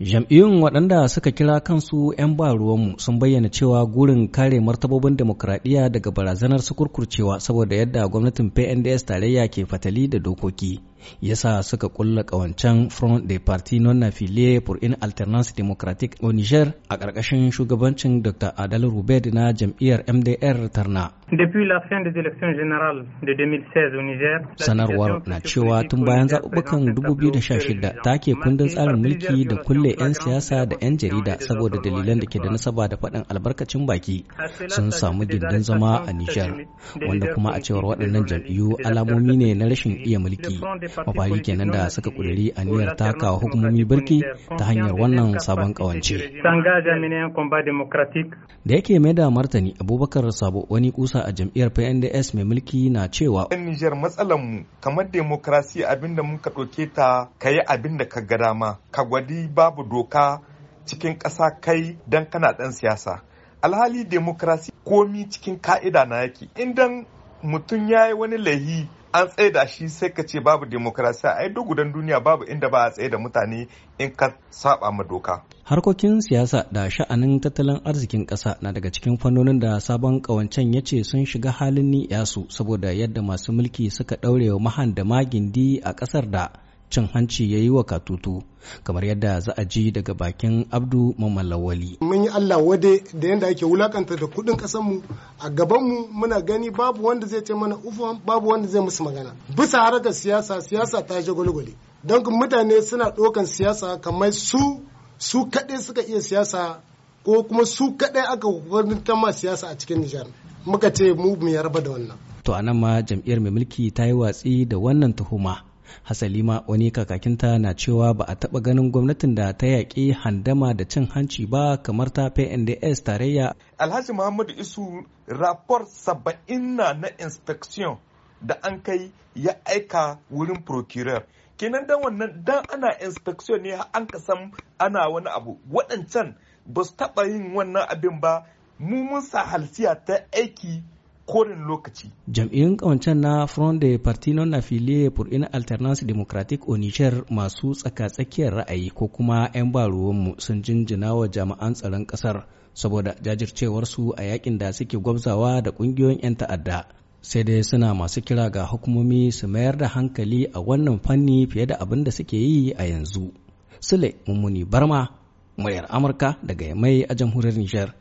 Jam'iyyun waɗanda suka kira kansu 'yan ba ruwanmu sun bayyana cewa gurin kare martabobin demokuraɗiyya daga barazanar sukurkurcewa saboda yadda gwamnatin PNDS tarayya ke fatali da dokoki. Yasa suka kulla ƙawancen Front de Parti non affilié pour une alternance démocratique au Niger a ƙarƙashin shugabancin Dr. Adal Rubed na jam'iyyar MDR Tarna. Sanarwar na cewa tun bayan zaɓuɓɓukan 2016 ke kundin tsarin mulki da kulle 'yan siyasa da 'yan jarida saboda dalilan da ke da nasaba da faɗin albarkacin baki sun samu gindin zama a Nijar, wanda kuma a cewar waɗannan jam'iyyu alamomi ne na rashin iya mulki. Mafari kenan da suka a aniyar taka hukumomi birki ta hanyar wannan sabon ƙawance. Da yake mai da martani Abubakar Sabo wani kusa siyasa a jam'iyyar PNDS mai mulki na cewa ɗan Nijar matsalar mu kamar demokrasi da muka ɗauke ta ka kayi da ka ga dama ka gwadi babu doka cikin ƙasa kai dan kana ɗan siyasa alhali demokrasi komi cikin ka'ida na yake idan mutum ya yi wani lahi an tsaye tsaida shi sai ka ce babu demokrasiya ai duk gudan duniya babu inda ba a tsaye da mutane in ka saba ma doka harkokin siyasa da sha'anin tattalin arzikin ƙasa na daga cikin fannonin da sabon ƙawancen ya ce sun shiga halin ni'yasu saboda yadda masu mulki suka ɗaure mahan da magindi a ƙasar da cin hanci ya yi wa katutu kamar yadda za a ji daga bakin abdu mamalawali mun yi allah wade da yadda ake wulakanta da kudin kasanmu a gabanmu muna gani babu wanda zai ce mana ufa babu wanda zai musu magana bisa harkar siyasa siyasa ta je gwalgwale don mutane suna ɗaukan siyasa kamar su su kaɗai suka iya siyasa ko kuma su kaɗai aka gwamnatin ma siyasa a cikin nijar muka ce mu mu yarba da wannan to anan ma jam'iyyar mai mulki ta yi watsi da wannan tuhuma hasalima ma wani kakakinta na cewa ba a taɓa ganin gwamnatin da ta yaƙi handama da cin hanci ba kamar ta pnds tarayya alhaji muhammadu isu rapor saba'in na na inspection da an kai ya aika wurin procureur kenan dan wannan dan ana inspection ne an kasan ana wani abu waɗancan ba su taɓa yin wannan abin ba mu mun sa halsiya ta aiki kowane lokaci. Jam'iyyun kawancen na Front de Parti non affilié pour une alternance démocratique au Niger masu tsaka-tsakiyar ra'ayi ko kuma 'yan baruwanmu sun jinjina wa jami'an tsaron kasar saboda jajircewar su a yakin da suke gwabzawa da kungiyoyin 'yan ta'adda. Sai dai suna masu kira ga hukumomi su mayar da hankali a wannan fanni fiye da abin da suke yi a yanzu. Sule Mummuni Barma, muryar Amurka daga Yamai a jamhuriyar Nijar.